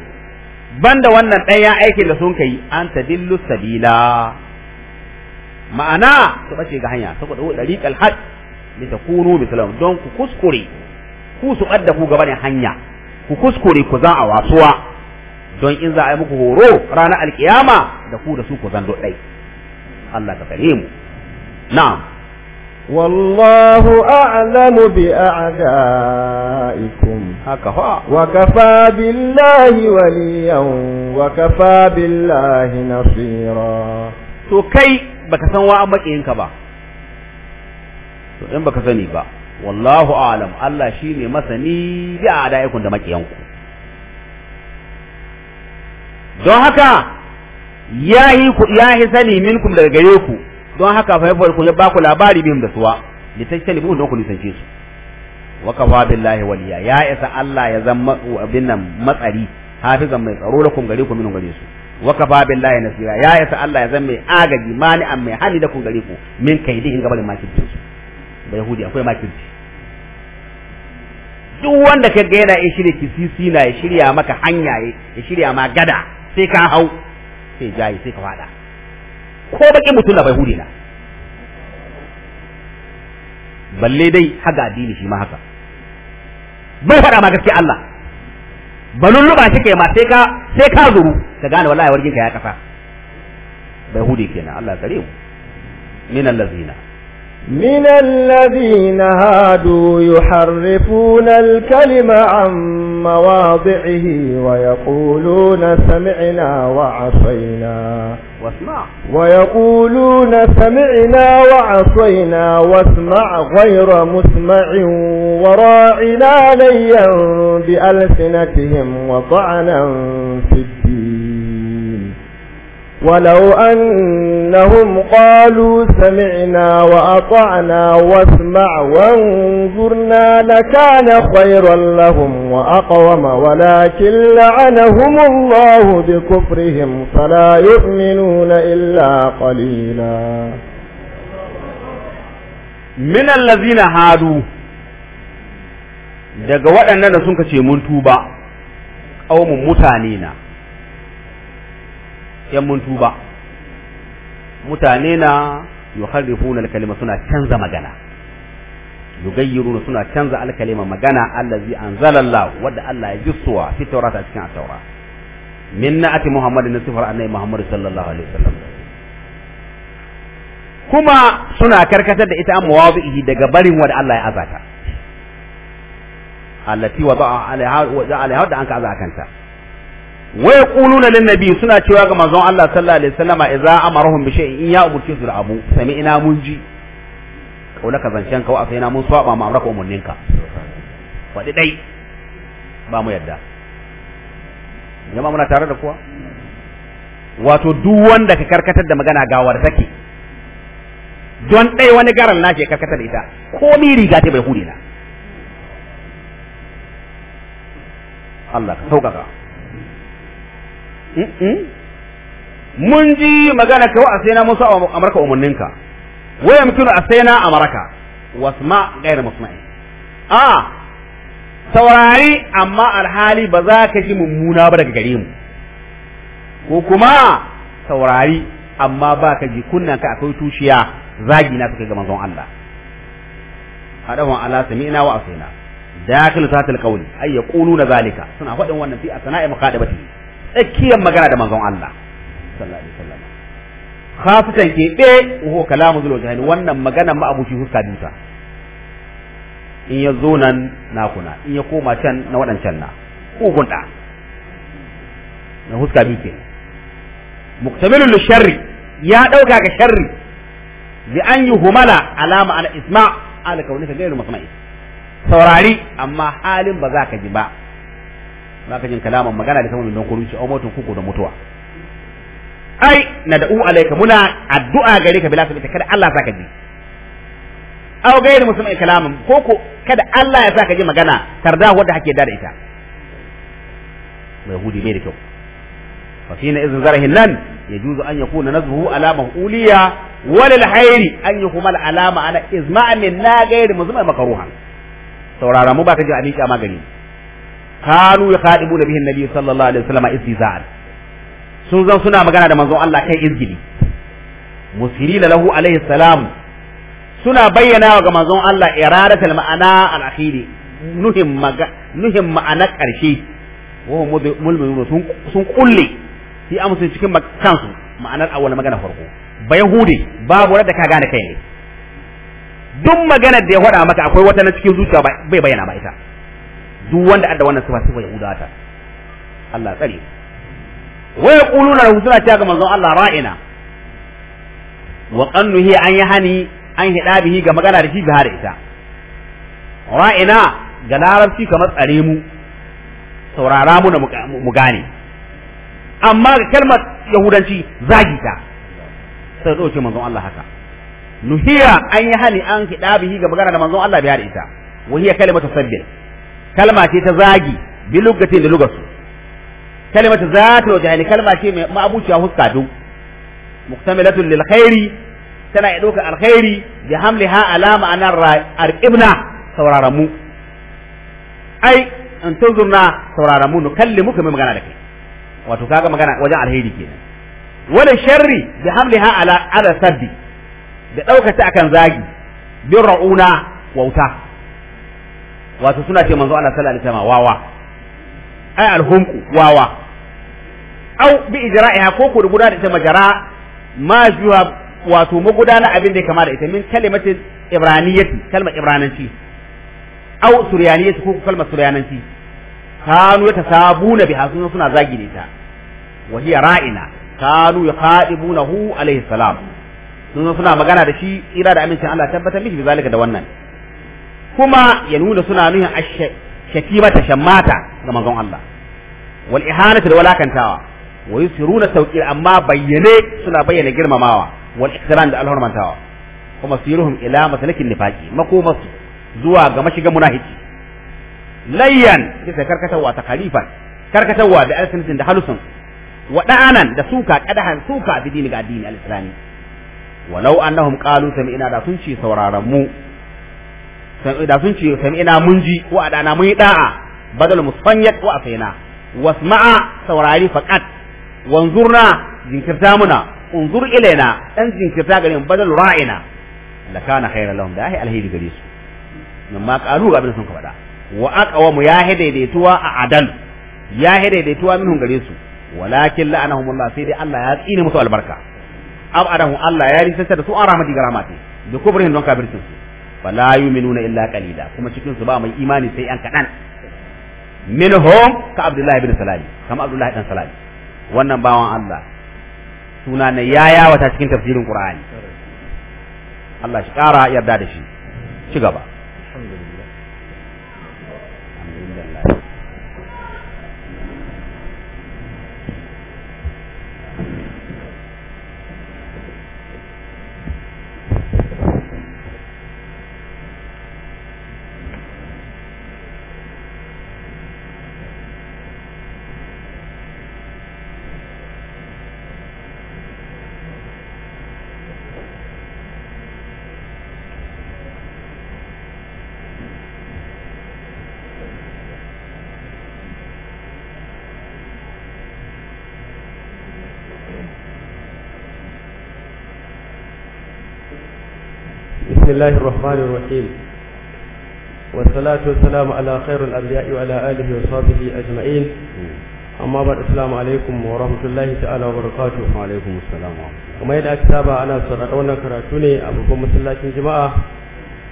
banda wannan ya aiki da sun kai an tadillu sabila ma'ana su bace ga hanya saboda wa dariqal had litakunu bisalamu don ku kuskure ku su ɓadda ku gaba ne hanya ku kuskure ku zan a wasuwa don in za a yi muku horo ranar alkiyama da ku da su ku zan ɗai Allah ka kare mu na'am والله أعلم بأعدائكم وكفى بالله وليا وكفى بالله نصيرا تو كي بكسن وعبك إنك با تو إن بكسني با wallahu alam Allah ne masani bi a'daikum da maƙiyanku don haka ya ku sani minkum daga gare ku don haka fa yafa ku ya ba ku labari bihim da suwa litajtalibu don ku nisance su wa kafa billahi waliya ya isa Allah ya zama abin nan matsari hafizan mai tsaro lakum gare ku minun gare su wa kafa billahi nasira ya isa Allah ya zama mai agaji mani'an mai hali da ku gare ku min kaidin gabalin makin su da yahudi akwai makirci duk wanda ka gaina ya shirya kisisi na ya shirya maka hanya ya shirya ma gada sai ka hau sai jayi sai ka fada ko baki mutum na bai hude na balle dai haga addini shi ma haka bai fada ma gaskiya Allah balulluba shi kai ma sai ka sai ka zuru ka gane wallahi warjin ka ya kasa bai hude kenan Allah ya tsare mu min allazina من الذين هادوا يحرفون الكلم عن مواضعه ويقولون سمعنا وعصينا واسمع ويقولون سمعنا وعصينا واسمع غير مسمع وراعنا ليا بألسنتهم وطعنا في الدين ولو أنهم قالوا سمعنا وأطعنا واسمع وانظرنا لكان خيرا لهم وأقوم ولكن لعنهم الله بكفرهم فلا يؤمنون إلا قليلا من الذين هادوا daga أننا da منتوبة أو mun tuba yan mun tuba mutane na yuharrifuna al-kalima suna canza magana yugayyiruna suna canza alkalima kalima magana allazi anzalallahu wadda Allah ya jissuwa fi tawrata cikin at-taura min na'ati muhammadin sifar annabi muhammad sallallahu alaihi wasallam kuma suna karkatar da ita an mawadihi daga barin wanda Allah ya azata allati wada'a alaiha wada'a alaiha da an ka azakanta wa yaquluna lin nabi suna cewa ga manzon Allah sallallahu alaihi wasallama idza amarahum bi shay'in in ya ubuti zul abu sami'ina mun ji kaula ka zancen ka wa afaina mun saba ma amraka umurnin ka faɗi dai ba mu yadda jama'a muna tare da kuwa wato duk wanda ka karkatar da magana gawar take don ɗaya wani garan na ce karkatar ita, ko mi riga ta bai hude na Allah ka sauƙaƙa mun ji magana ka wa asaina musa a umarninka umunninka wa Asena asaina Amurka wasma ghayr musma'i a saurari amma alhali ba za ka ji mummuna ba daga gare mu ko kuma saurari amma ba ka ji kunna ka akwai tushiya zagi na suka ga manzon Allah hadahun ala sami'na wa asaina dakil satil qawli ay yaquluna zalika suna faɗin wannan fi asana'i muqadabati tsakiyar magana da manzon Allah sallallahu alaihi wasallam khasu tanke be ko kalamu zul wajhain wannan magana ma abuci huska duta in ya zo nan na kuna in ya koma can na wadancan na ko na huska biyu muktamilul sharri ya dauka ga sharri bi an yuhmala alama ala isma' ala kaunika gairu masma'i saurari amma halin ba za ka ji ba naka jin kalaman magana da samun don kurunci au mutun kuku da mutuwa ai na nad'u alayka muna addu'a gare ka bila ta kada Allah saka ji au gairi musulmin kalaman ko ko kada Allah ya saka ji magana tarda wanda hake da ita yahudi bai da kyau fa fi na izin zarahin nan yajuzu an yakuna nazbuhu ala ma'uliya wal alhairi an yukumal alama ala izma'a min na gairi musulmin makruha saurara mu ba ka ji abin kyama gani kanu ya khadibu da bihin nabi sallallahu alaihi wasallam istizaan sun zan suna magana da manzon Allah kai izgili musirila lahu alaihi salam suna bayyana ga manzon Allah iradatul ma'ana al-akhiri nuhim nuhim ma'ana karshe wa mulmulu sun sun kulle fi amsu cikin kansu ma'anar awwal magana farko ba yahudi babu wanda ka gane kai ne duk maganar da ya faɗa maka akwai wata na cikin zuciya bai bayyana ba ita duk wanda da wannan sifa sifa ya ta Allah tsare wa yaquluna lahu suna ta ga manzon Allah ra'ina wa qannuhi an yahani an hida bihi ga magana da shi ga hare ita ra'ina ga larabci kamar tsare mu saurara mu da mu gane amma ga kalmar yahudanci zagi ta sai dauke manzon Allah haka nuhiya an yahani an hida bihi ga magana da manzon Allah bi hare ita wa hiya kalimatu sabbil kalma ce ta zagi bi lugatin da lugasu kalmatu zatu wa jahili kalma ce mai ma'abuciya huska duk muktamilatun lil khairi tana ya dauka alkhairi bi hamliha ala ma'anar arqibna sauraron mu ai in tunzurna sauraron mu nukallimu kamar magana da kai wato kaga magana wajen alheri kenan wala sharri bi hamliha ala ala sabbi da daukata akan zagi bin ra'una wauta wato suna ce manzo Allah sallallahu alaihi wawa ai alhumku wawa au bi ijra'iha ko ko guda da ita majara ma zuwa wato magudana abin da ya kama da ita min kalimatin ibraniyyati kalmar ibrananci au suryaniyati ko kalmar suryananci kanu ya sabuna biha sun suna zagi da ita wa hiya ra'ina kanu yaqadibunahu alaihi salam sun suna magana da shi ira da amincin Allah tabbatar mishi bizalika da wannan kuma ya nuna suna nuhin shatima ta shammata ga manzon Allah wal ihanatu da walakantawa wa yusiruna tawqir amma bayyane suna bayyana girmamawa wal ihtiram da alhurmantawa kuma siruhum ila maslakin nifaqi makomasu zuwa ga mashiga munafiki layyan bisa karkatarwa ta khalifan karkatarwa da alsinatin da halusun wa da suka kadahan suka bidini ga addini al-islami walau annahum qalu sami'na da sun ce sauraron mu da sun ce sami ina mun ji ko a dana mun yi da'a badal musfanyat ko a faina wasma'a saurari faqat wanzurna jinkirta muna unzur ilaina dan jinkirta gare mu badal ra'ina la kana khayran lahum da ai alheri gare su nan ma qalu ga abin sun ka faɗa wa mu ya daidaituwa a adal daidaituwa hidaidaituwa minhum gare su walakin la'anahumullah sai dai Allah ya tsine musu albarka abadahu Allah ya risata da su an rahmati ga rahmati da kubrin don kafircin su fala nuna illa qalila kuma cikin su ba mai imani sai yan kadan minhum ka abdullahi ibn salami kama abdullahi dan salami wannan bawan Allah suna ne yaya wata cikin tafsirin qur'ani Allah shi kara yarda da shi ci gaba الله الرحمن الرحيم والصلاة والسلام على خير الأنبياء وعلى آله وصحبه أجمعين أما بعد السلام عليكم ورحمة الله تعالى وبركاته وعليكم السلام ورحمة الله وما كتاب أنا سرعون كراتوني أبو مسلاة جماعة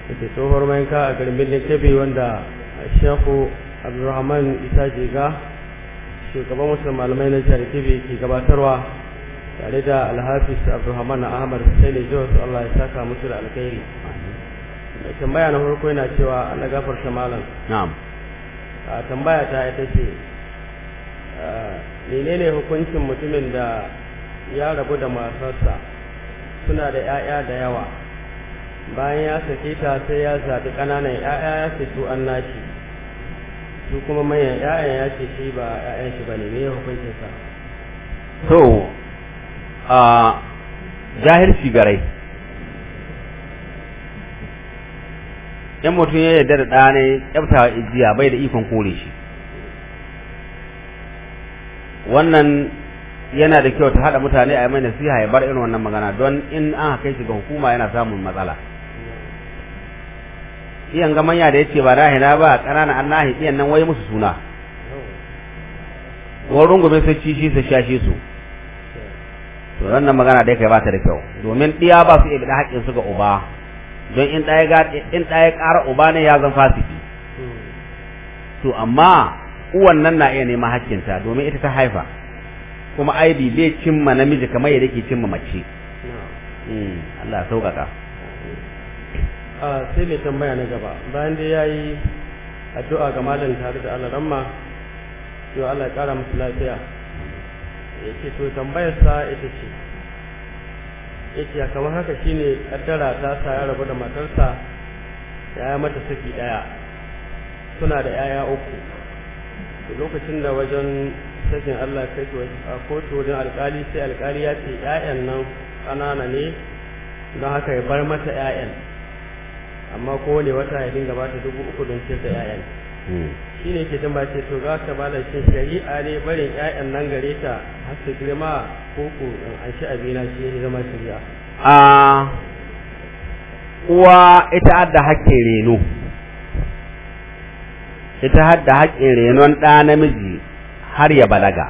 ke tsohuwar mayanka a garin birnin kebe wanda shehu abdulrahman isa jega shugaban wasu malamai na jihar kebe ke gabatarwa tare da alhafis abdulrahman ahmad hussein jos allah ya saka musu da alkhairi mai tambaya na farko yana cewa Allah gafarta malam na'am a tambaya ta ita ce menene hukuncin mutumin da ya rabu da masarsa suna da 'ya'ya da yawa bayan ya sake ta sai ya zaɓi ƙananan 'ya'ya ya ce su an nashi su kuma manyan 'ya'yan ya ce shi ba 'ya'yan shi ba ne me hukuncin sa to a jahilci garai in mutum ya yarda da ɗa ne kyaftawa ijiya bai da ikon kore shi wannan yana da kyau ta haɗa mutane a yi mai nasiha ya bar irin wannan magana don in an haka shi ga hukuma yana samun matsala iyan ga manya da yace ba nahina ba ƙanana an nahi iyan nan wai musu suna wani rungume sai ci shi su shashe su to wannan magana da kai ba ta da kyau domin ɗiya ba su iya da haƙƙin su ga uba don in ɗaya ga in ɗaya ƙara uba ne ya zan fasiki to amma uwan nan na iya neman hakkinta domin ita ta haifa kuma aibi bai cimma namiji kamar yadda ke cimma mace hmm, Allah sauƙaƙa sai mai tambaya na gaba bayan da ya yi addu'a ga malam tare da Allah ramma to Allah ya ƙara masu lafiya ya ce to tambayarsa ita ce yace kamar haka shine kaddara ta sa ya rabu da matarsa ya mata saki daya suna da yaya uku lokacin da wajen sakin Allah kai to a kotu wajen alkali sai alkali ya ce ƴaƴan nan ƙanana ne don haka ya bar mata ƴaƴan amma kowane wata ya dinga bata dubu uku don ce ta ƴaƴan shi ne ke jima ce to za ba bala shi shari'a ne barin ƴaƴan nan gare ta har su girma ko ko in an shi abina shi ne zama shari'a a uwa ita adda haƙƙin reno ita hadda haƙƙin renon ɗa namiji har ya balaga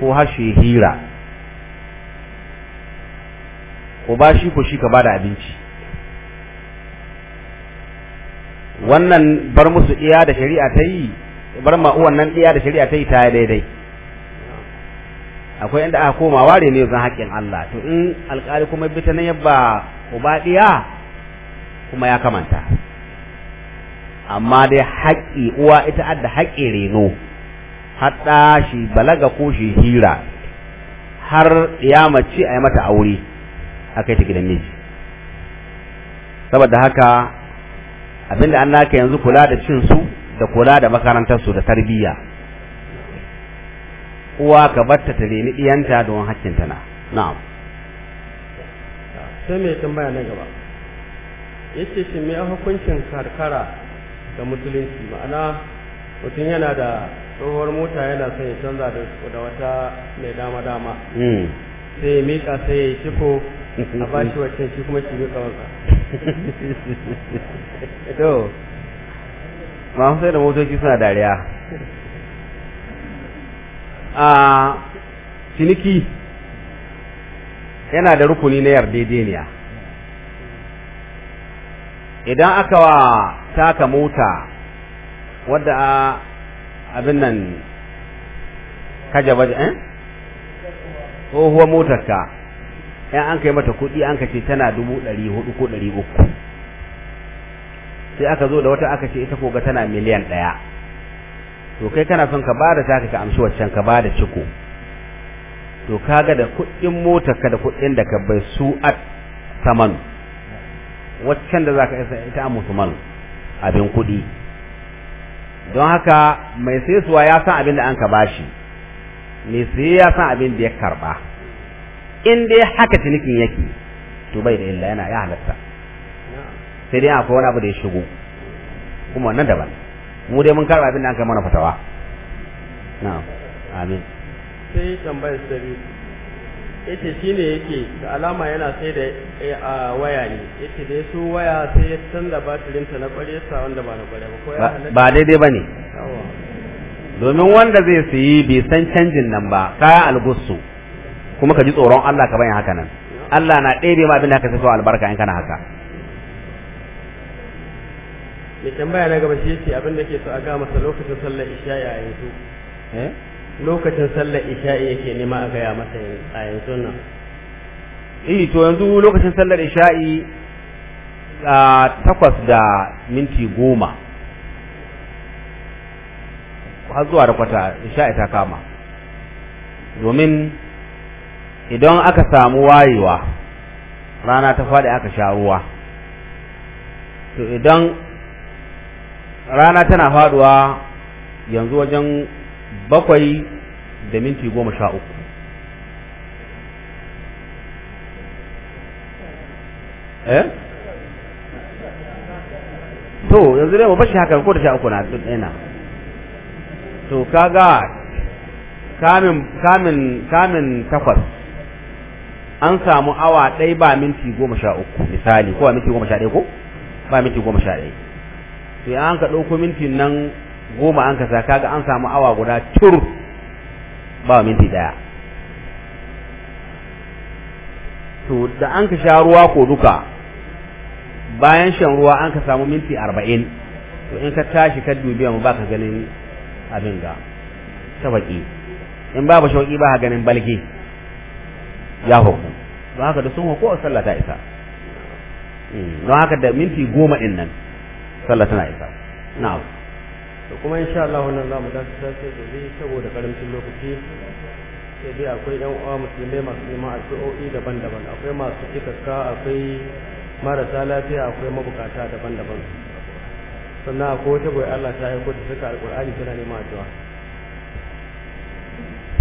ko har shi hira ko ba shi ko shi ka bada abinci wannan bar musu iya da shari'a ta yi bar ma wannan iya da shari'a ta yi ta daidai akwai inda aka koma ware ne zan haƙƙin Allah to in alƙali kuma bi ta nan yabba uba diya kuma ya kamanta amma dai haƙƙi uwa ita adda haƙƙi reno hatta shi balaga ko shi hira har ya mace a yi mata aure a kai ta gidan miji saboda haka abinda an naka yanzu kula da cin su da kula da makarantar su da tarbiyya uwa ka batta ta nemi diyanta don hakkin ta na na'am sai mai tambaya na gaba yace shi me hukuncin karkara da musulunci ma'ana mutum yana da tsohuwar mota yana son ya canza da wata mai dama dama hmm. sai ya mika sai ya yi ciko a bashi wacce shi kuma shi mika wanka to masu sai da motoci suna dariya a ciniki yana da rukuni na yardejeniya idan aka wa taka mota wadda a abin nan kaja ko eh motarka in an kai mata kuɗi an ka ce tana dubu ɗari hudu ko ɗari uku sai aka zo da wata aka ce ita koga tana miliyan ɗaya to kai kana son ka ba da taka ka amshi waccan ka ba da ciko to kaga da kuɗin mota ka da kuɗin da ka bai su a saman waccan da zaka isa ita a musulman abin kuɗi don haka mai saisuwa ya san abin da an ka bashi mai saye ya san abin da ya karɓa in dai haka cinikin yake to bai da illa yana ya halatta sai dai akwai wani abu da ya shigo kuma wannan daban mu dai mun karba abin da an kai mana fatawa na'am amin sai tambayar ta biyu yace shine yake da alama yana sai da eh, a waya ne yace da su waya sai ya canza batirin ta na kware sa wanda ba na kware ba ko ya ba daidai bane domin wanda zai sayi bai san canjin nan ba kaya algusu kuma ka ji tsoron Allah ka bayan haka nan Allah na ɗebe ma abin da haka sai albarka in kana haka mai tambaya na gaba shi yace abin da ke so a ga masa lokacin sallar isha'i a yanzu eh? lokacin sallar isha'i yake nema a gaya masa a yanzu nan eh to yanzu lokacin sallar isha'i a takwas da minti goma har zuwa da kwata isha'i ta kama domin idan aka samu wayewa rana ta faɗi aka sha ruwa to idan rana tana faɗuwa yanzu wajen bakwai da minti goma sha uku eh to yanzu dai mu bashi haka ko da sha uku na ina to kaga kamin kamin kamin takwas an samu awa ɗaya ba minti goma sha uku misali ko ba minti goma sha ɗaya ko ba minti goma sha ɗaya to ya an ka ɗauko minti nan goma an ka sa kaga an samu awa guda cur ba minti ɗaya to da an ka sha ruwa ko duka bayan shan ruwa an ka samu minti arba'in to in ka tashi ka dubiya mu baka ganin abin ga ta in babu shauƙi ba ganin balge ya hukku don haka da sun hukku a sallah ta isa don haka da minti goma din nan sallah tana isa na'am to kuma insha Allah wannan zamu dace sai da zai saboda karamcin lokaci sai dai akwai yan uwa musulmai masu neman addu'o'i daban-daban akwai masu cikakka akwai marasa lafiya akwai mabukata daban-daban sannan akwai wata bai Allah ta aiko da suka alƙur'ani tana neman addu'a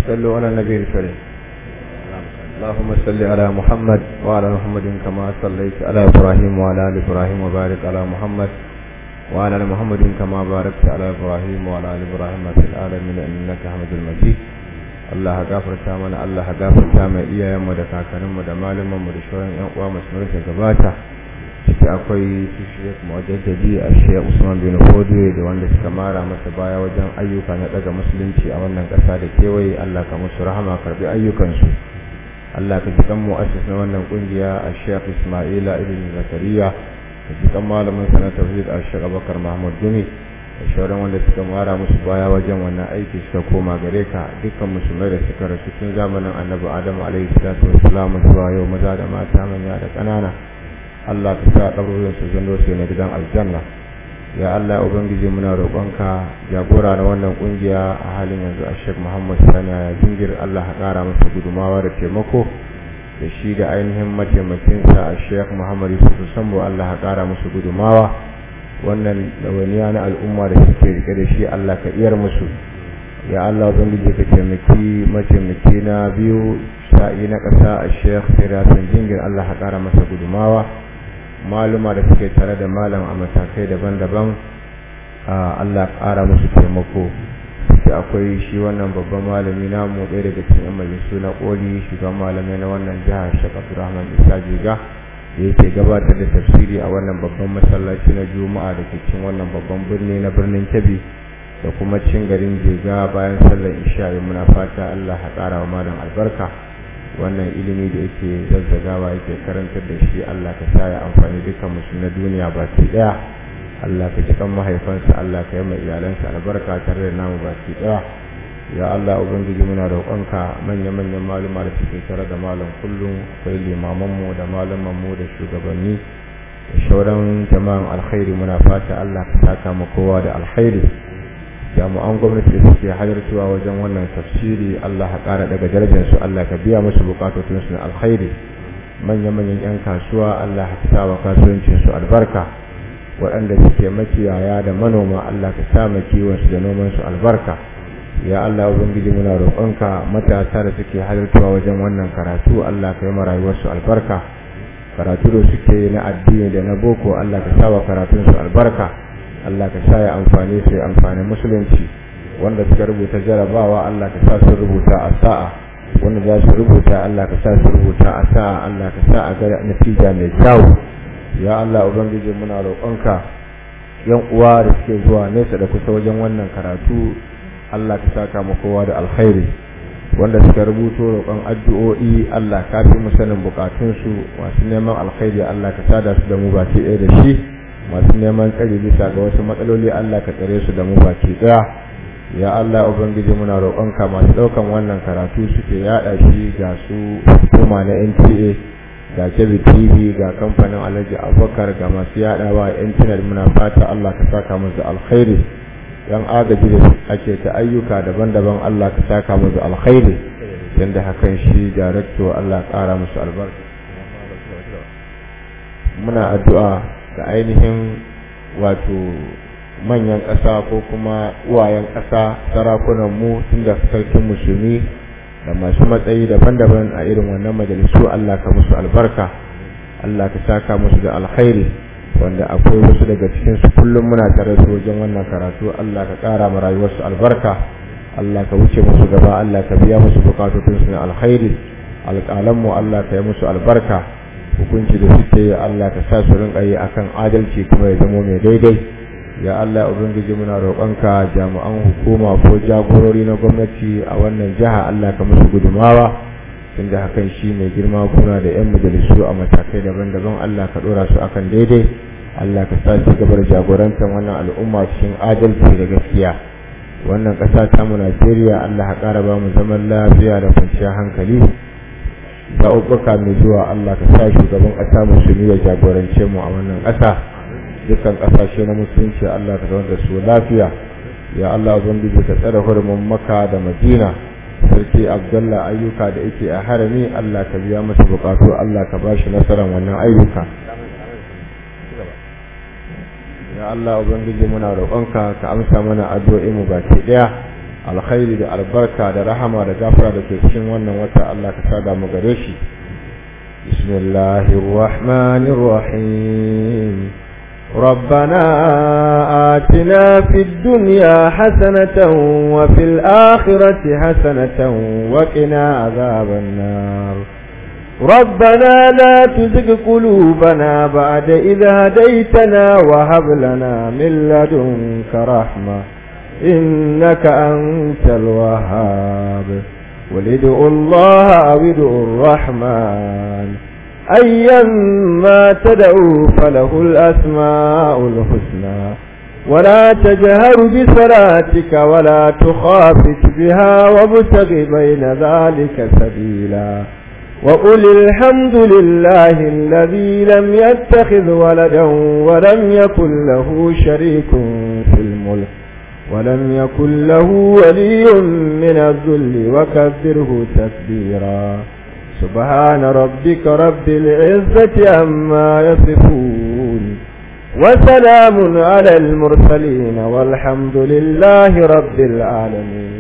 sallu ala nabiyil karim اللهم صل على محمد وعلى محمد كما صليت على إبراهيم وعلى آل إبراهيم وبارك على محمد وعلى آل محمد كما باركت على إبراهيم وعلى آل إبراهيم في العالمين إنك حميد مجيد Allah gafarta mana Allah gafarta mai iyayenmu da kakanninmu da malumanmu da shoran yan uwa musulmai da gabata ciki akwai su Sheikh Mujaddadi a Sheikh Usman bin Fodio da wanda suka mara masa baya wajen ayyuka na daga musulunci a wannan ƙasa da kewaye Allah ka musu rahama karbi ayyukansu Allah ka jikan mu'assis na wannan kungiya a Sheikh Ismaila ibn Zakariya ka jikan malamin sana tauhid a Sheikh Abubakar Mahmud Gumi da shauran wanda suka mara musu baya wajen wannan aiki suka koma gare ka dukkan musulmai da suka rasu tun zamanin Annabi Adam alaihi salatu wassalam zuwa yau maza da mata manya da ƙanana Allah ka sa ɗaurin su zando su ne gidan aljanna ya Allah ubangiji muna roƙonka jagora na wannan kungiya a halin yanzu a Sheikh Muhammad Sani ya jingir Allah ya ƙara masa gudumawa da taimako da shi da ainihin mataimakinsa a Sheikh Muhammad Yusuf Sambo Allah ya ƙara masa gudumawa wannan dawaniya na al'umma da suke rike da shi Allah ka iyar musu ya Allah ubangiji ka taimaki mataimaki na biyu sa'i na ƙasa a Sheikh Sirasan Jingir Allah ya ƙara masa gudumawa maluma da suke tare da malam a matakai daban-daban a Allah ƙara musu taimako da akwai shi wannan babban malami namu ɗaya daga cikin yan majalisu na ƙoli shugaban malamai na wannan jihar Sheikh rahman Isa Jiga da yake gabatar da tafsiri a wannan babban masallaci na Juma'a da ke cikin wannan babban birni na birnin Kebbi da kuma cin garin Jiga bayan sallar isha muna fata Allah ya ƙara wa malam albarka wannan ilimi da yake zazzagawa yake karantar da shi Allah ka sa ya amfani dukkan musu na duniya baki daya Allah ka cikan mahaifansa Allah ka yi mai iyalansa albarka tare da namu baki daya ya Allah ubangiji muna roƙonka manya-manyan maluma da suke tare da malam kullum akwai limamanmu da malamanmu da shugabanni da shauran jama'an alkhairi muna fata Allah ka saka mu kowa da alkhairi jami'an gwamnati da suke halartuwa wajen wannan tafsiri Allah ya ƙara daga darajarsu Allah ka biya musu bukatotinsu na alkhairi manya-manyan 'yan kasuwa Allah ya sa wa kasuwancinsu albarka waɗanda suke makiyaya da manoma Allah ka sa kiwonsu da nomansu albarka ya Allah ubangiji muna roƙonka matasa da suke halartuwa wajen wannan karatu Allah ka yi ma rayuwarsu albarka karatu da suke na addini da na boko Allah ka sa wa karatunsu albarka Allah ka sa ya amfani su ya amfani musulunci wanda suka rubuta jarabawa Allah ka sa su rubuta a sa'a wanda za su rubuta Allah ka sa su rubuta a sa'a Allah ka sa a ga natija mai kyau ya Allah ubangiji muna roƙonka yan uwa da suke zuwa nesa da kusa wajen wannan karatu Allah ka saka mu kowa da alkhairi wanda suka rubuto roƙon addu'o'i Allah ka fi mu sanin bukatunsu masu neman alkhairi Allah ka da su da mu ta ɗaya da shi masu neman tsari bisa ga wasu matsaloli Allah ka tsare su da mu baki daya ya Allah ubangiji muna roƙonka masu ɗaukan wannan karatu suke yaɗa shi ga su kuma na NTA ga Kebbi TV ga kamfanin Alhaji Abubakar ga masu yaɗawa a intanet muna fata Allah ka saka musu alkhairi yan agaji da ake ta ayyuka daban-daban Allah ka saka musu alkhairi yanda hakan shi director Allah ya ƙara musu albarka muna addu'a da ainihin wato manyan ƙasa ko kuma uwayen ƙasa sarakunan mu tun da sarkin musulmi da masu matsayi daban-daban a irin wannan majalisu Allah ka musu albarka Allah ka saka musu da alkhairi wanda akwai wasu daga cikin su kullum muna tare su wajen wannan karatu Allah ka ƙara ma rayuwarsu albarka Allah ka wuce musu gaba Allah ka biya musu bukatotinsu na alkhairi alƙalanmu Allah ka yi musu albarka hukunci da suke ya Allah ka sa su rinka yi akan adalci kuma ya zamo mai daidai ya Allah ubangiji muna roƙonka jami'an hukuma ko jagorori na gwamnati a wannan jiha Allah ka musu gudumawa tun da hakan shi mai girma kuna da 'yan majalisu a matakai daban-daban Allah ka ɗora su akan daidai Allah ka sa su gabar jagorantar wannan al'umma cikin adalci da gaskiya wannan ƙasa ta mu Najeriya Allah ka ƙara ba mu zaman lafiya da kwanciyar hankali zaɓuɓɓuka mai zuwa Allah ka sa shugaban ƙasa musulmi ya jagorance mu a wannan ƙasa dukkan ƙasashe na musulunci Allah ka zama da su lafiya ya Allah ubangiji ka tsare hurumin maka da madina sarki abdullah ayyuka da yake a harami Allah ka biya masa buƙatu Allah ka ba shi nasarar wannan ayyuka ya Allah ubangiji muna roƙonka ka amsa mana addu'o'i mu baki ɗaya alkhairi da albarka da rahama da gafara da ke cikin wannan wata Allah ka sada mu gare shi bismillahir rahmanir rahim ربنا آتنا في الدنيا حسنة وفي الآخرة حسنة وقنا عذاب النار ربنا لا تزغ قلوبنا بعد إذ هديتنا وهب لنا من لدنك إنك أنت الوهاب ولدؤ الله أو ادعوا الرحمن أيا ما تدعوا فله الأسماء الحسنى ولا تجهر بصلاتك ولا تخافت بها وابتغ بين ذلك سبيلا وقل الحمد لله الذي لم يتخذ ولدا ولم يكن له شريك في الملك ولم يكن له ولي من الذل وكبره تكبيرا سبحان ربك رب العزة عما يصفون وسلام على المرسلين والحمد لله رب العالمين